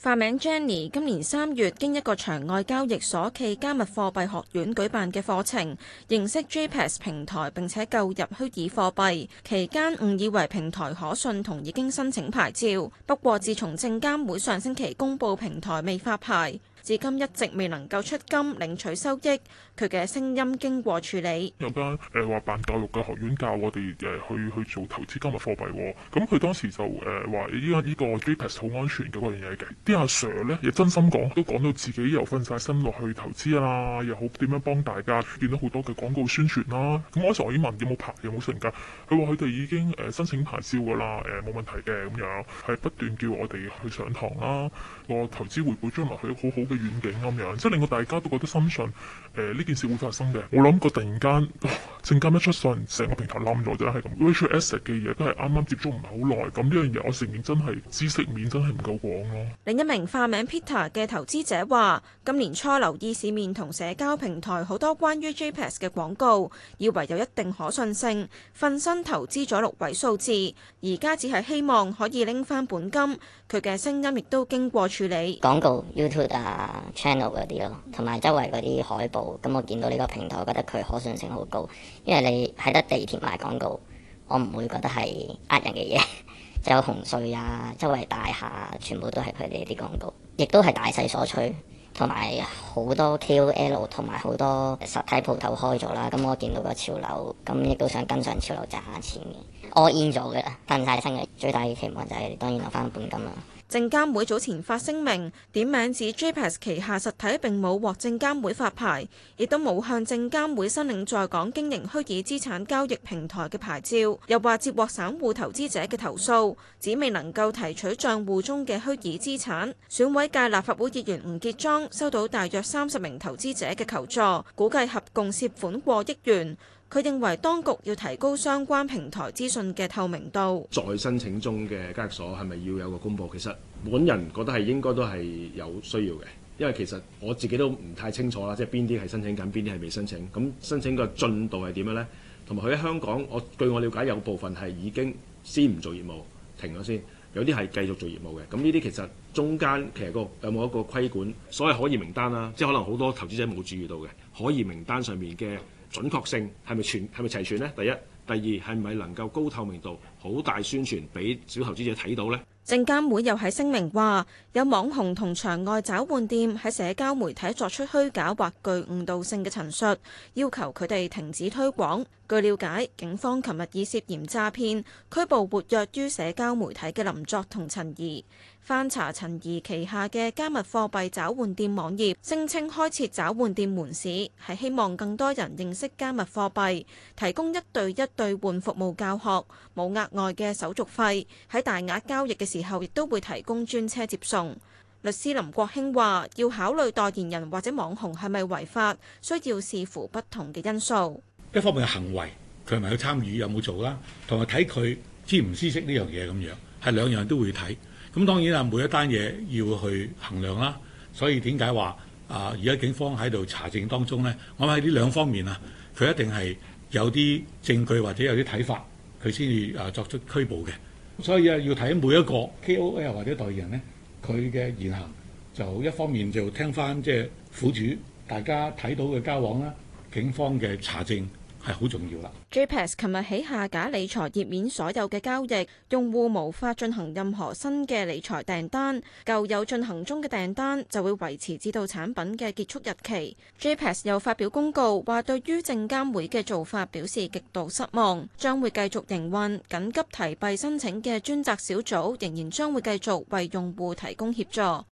化名 Jenny 今年三月經一個場外交易所暨加密貨幣學院舉辦嘅課程認識 JPEX 平台，並且購入虛擬貨幣。期間誤以為平台可信同已經申請牌照，不過自從證監會上星期公佈平台未發牌。至今一直未能夠出金領取收益。佢嘅聲音經過處理。有間誒話辦教育嘅學院教我哋誒、呃、去去做投資加密貨幣。咁、呃、佢當時就誒話依家依個 JPEX 好安全嘅嗰樣嘢嘅。啲、啊、阿 Sir 咧亦真心講，都講到自己又瞓晒身落去投資啦，又好點樣幫大家，見到好多嘅廣告宣傳啦。咁、啊、嗰時我已經問有冇牌？有冇成㗎，佢話佢哋已經誒申請牌照㗎啦，誒、啊、冇問題嘅咁樣，係不斷叫我哋去上堂啦。個、啊、投資回報將來係好好嘅。遠景咁樣，即係令到大家都覺得深信誒呢件事會發生嘅。我諗過突然間、呃、證監一出信，成個平台冧咗啫，係咁。Virtual asset 嘅嘢都係啱啱接觸唔係好耐，咁呢樣嘢我承認真係知識面真係唔夠廣咯。另一名化名 Peter 嘅投資者話，今年初留意市面同社交平台好多關於 JPEX 嘅廣告，以為有一定可信性，瞓身投資咗六位數字，而家只係希望可以拎翻本金。佢嘅聲音亦都經過處理。廣告 YouTube 啊。啊，channel 嗰啲咯，同埋周圍嗰啲海報，咁我見到呢個平台，我覺得佢可信性好高，因為你喺得地鐵賣廣告，我唔會覺得係呃人嘅嘢。 就有紅隧啊，周圍大廈全部都係佢哋啲廣告，亦都係大勢所趨，同埋好多 KOL 同埋好多實體鋪頭開咗啦。咁我見到個潮流，咁亦都想跟上潮流賺下錢嘅，all in 咗嘅啦，瞓曬身嘅，最大嘅期望就係、是、當然攞翻本金啦。證監會早前發聲明，點名指 JPEX 旗下實體並冇獲證監會發牌，亦都冇向證監會申領在港經營虛擬資產交易平台嘅牌照。又話接獲散戶投資者嘅投訴，指未能夠提取賬戶中嘅虛擬資產。選委界立法會議員吳傑莊收到大約三十名投資者嘅求助，估計合共涉款過億元。佢認為當局要提高相關平台資訊嘅透明度。再申請中嘅交易所係咪要有個公佈？其實本人覺得係應該都係有需要嘅，因為其實我自己都唔太清楚啦，即係邊啲係申請緊，邊啲係未申請。咁申請嘅進度係點樣呢？同埋佢喺香港，我據我了解有部分係已經先唔做業務，停咗先。有啲係繼續做業務嘅。咁呢啲其實中間其實個有冇一個規管？所謂可疑名單啦，即係可能好多投資者冇注意到嘅可疑名單上面嘅。準確性係咪全係咪齊全呢？第一、第二係咪能夠高透明度、好大宣傳俾小投資者睇到呢？證監會又喺聲明話，有網紅同場外找換店喺社交媒體作出虛假或具誤導性嘅陳述，要求佢哋停止推廣。據了解，警方琴日以涉嫌詐騙拘捕活躍於社交媒體嘅林作同陳怡。翻查陳怡旗下嘅加密貨幣找換店網頁，聲稱開設找換店門市係希望更多人認識加密貨幣，提供一對一兌換服務教學，冇額外嘅手續費。喺大額交易嘅時候，亦都會提供專車接送。律師林國興話，要考慮代言人或者網紅係咪違法，需要視乎不同嘅因素。一方面嘅行為，佢係咪有參與，有冇做啦？同埋睇佢知唔知識呢樣嘢咁樣，係兩樣都會睇。咁當然啊，每一單嘢要去衡量啦。所以點解話啊？呃，而家警方喺度查證當中咧，我諗喺呢兩方面啊，佢一定係有啲證據或者有啲睇法，佢先至啊作出拘捕嘅。所以啊，要睇每一個 KOL 或者代言人咧，佢嘅言行就一方面就聽翻即係苦主，大家睇到嘅交往啦，警方嘅查證。係好重要啦。JPEX 琴日起下架理財頁面，所有嘅交易用戶無法進行任何新嘅理財訂單，舊有進行中嘅訂單就會維持至到產品嘅結束日期。JPEX 又發表公告，話對於證監會嘅做法表示極度失望，將會繼續營運緊急提幣申請嘅專責小組，仍然將會繼續為用戶提供協助。